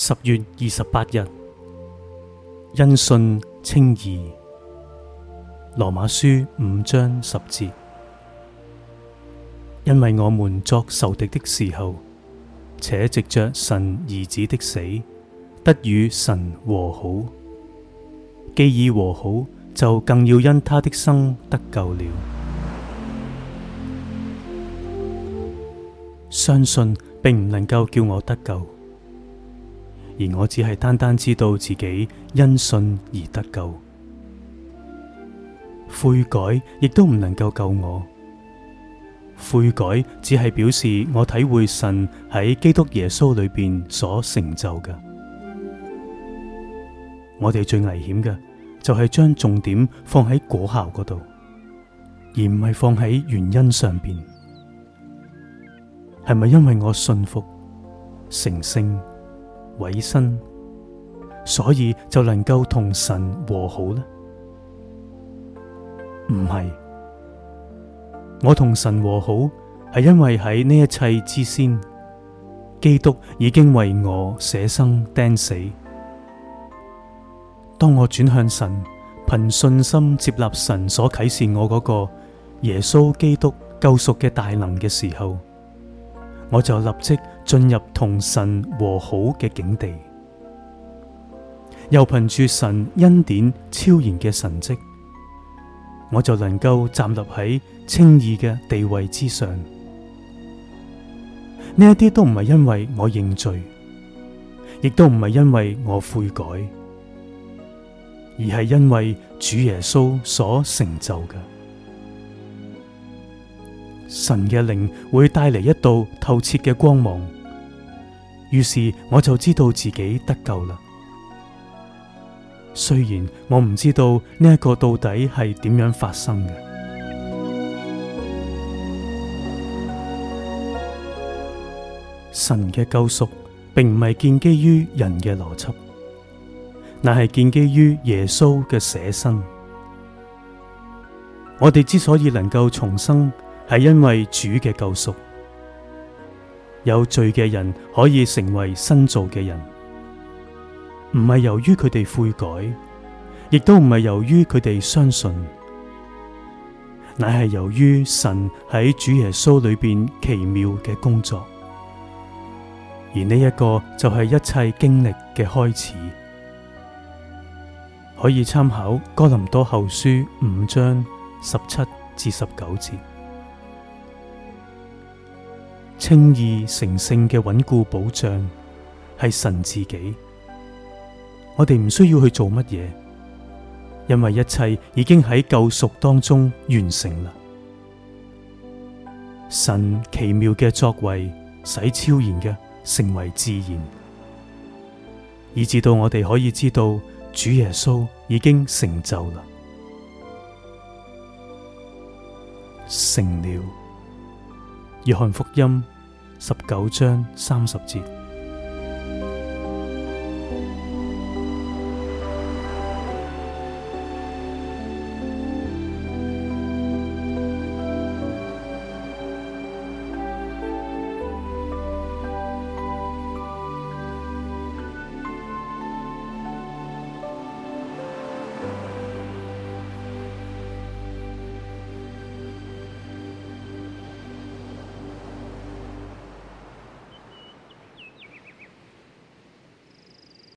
十月二十八日，因信稱義，羅馬書五章十節，因為我們作仇敵的時候，且藉着神兒子的死得與神和好，既已和好，就更要因他的生得救了。相信並唔能夠叫我得救。而我只係單單知道自己因信而得救，悔改亦都唔能夠救我。悔改只係表示我體會神喺基督耶穌裏邊所成就嘅。我哋最危險嘅就係將重點放喺果效嗰度，而唔係放喺原因上邊。係咪因為我信服成聖？委身，所以就能夠同神和好呢？唔係，我同神和好係因為喺呢一切之先，基督已經為我捨生釘死。當我轉向神，憑信心接納神所啟示我嗰個耶穌基督救贖嘅大能嘅時候，我就立即。進入同神和好嘅境地，又憑住神恩典超然嘅神蹟，我就能夠站立喺清義嘅地位之上。呢一啲都唔係因為我認罪，亦都唔係因為我悔改，而係因為主耶穌所成就嘅。神嘅靈會帶嚟一道透徹嘅光芒。於是我就知道自己得救啦。雖然我唔知道呢一個到底係點樣發生嘅，神嘅救贖並唔係建基於人嘅邏輯，乃係建基於耶穌嘅捨身。我哋之所以能夠重生，係因為主嘅救贖。有罪嘅人可以成為新造嘅人，唔係由於佢哋悔改，亦都唔係由於佢哋相信，乃係由於神喺主耶穌裏面奇妙嘅工作。而呢一個就係一切經歷嘅開始，可以參考哥林多後書五章十七至十九節。稱義成聖嘅穩固保障係神自己，我哋唔需要去做乜嘢，因為一切已經喺救贖當中完成啦。神奇妙嘅作為使超然嘅成為自然，以至到我哋可以知道主耶穌已經成就啦，成了。《約翰福音》十九章三十節。